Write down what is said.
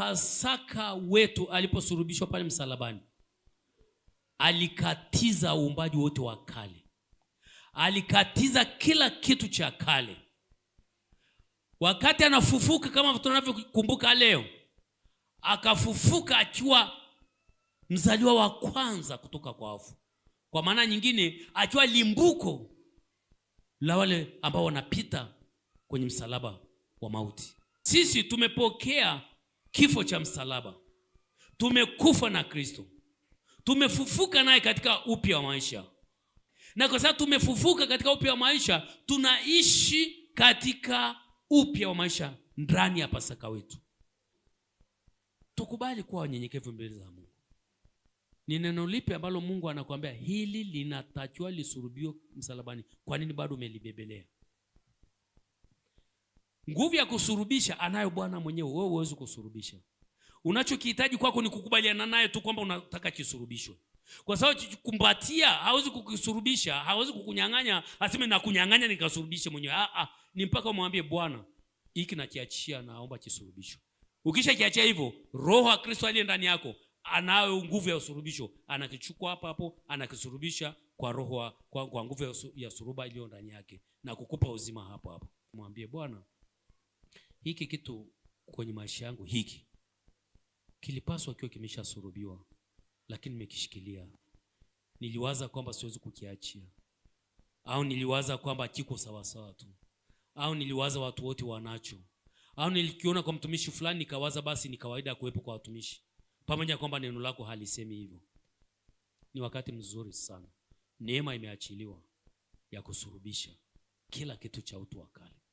Pasaka wetu aliposurubishwa pale msalabani, alikatiza uumbaji wote wa kale, alikatiza kila kitu cha kale. Wakati anafufuka, kama tunavyokumbuka leo, akafufuka akiwa mzaliwa wa kwanza kutoka kwa wafu, kwa maana nyingine akiwa limbuko la wale ambao wanapita kwenye msalaba wa mauti. Sisi tumepokea kifo cha msalaba, tumekufa na Kristo, tumefufuka naye katika upya wa maisha, na kwa sababu tumefufuka katika upya wa maisha, tunaishi katika upya wa maisha ndani ya Pasaka wetu. Tukubali kuwa wanyenyekevu mbele za Mungu. Ni neno lipi ambalo Mungu anakuambia hili linatakiwa lisurubiwe msalabani? Kwa nini bado umelibebelea? Nguvu ya kusurubisha anayo Bwana mwenyewe, wewe huwezi kusurubisha. Unachokihitaji kwako ni kukubaliana naye tu kwamba unataka kisurubishwe, kwa sababu kumbatia hawezi kukisurubisha, hawezi kukunyang'anya, aseme nakunyang'anya nikasurubishe mwenyewe. Ah, ah, ni mpaka umwambie Bwana, hiki nakiachia, naomba kisurubishwe. Ukisha kiachia hivyo, Roho wa Kristo aliye ndani yako anayo nguvu ya usurubisho, anakichukua hapo hapo, anakisurubisha kwa roho kwa, kwa nguvu ya suruba iliyo ndani yake na kukupa uzima hapo hapo. Mwambie Bwana hiki kitu kwenye maisha yangu hiki kilipaswa kiwa kimeshasurubiwa, lakini nimekishikilia. Niliwaza kwamba siwezi kukiachia, au niliwaza kwamba kiko sawasawa tu, au niliwaza watu wote wanacho, au nilikiona kwa mtumishi fulani nikawaza basi ni kawaida ya kuwepo kwa watumishi, pamoja kwamba neno lako halisemi hivyo. Ni wakati mzuri sana, neema imeachiliwa ya kusurubisha kila kitu cha utu wa kale.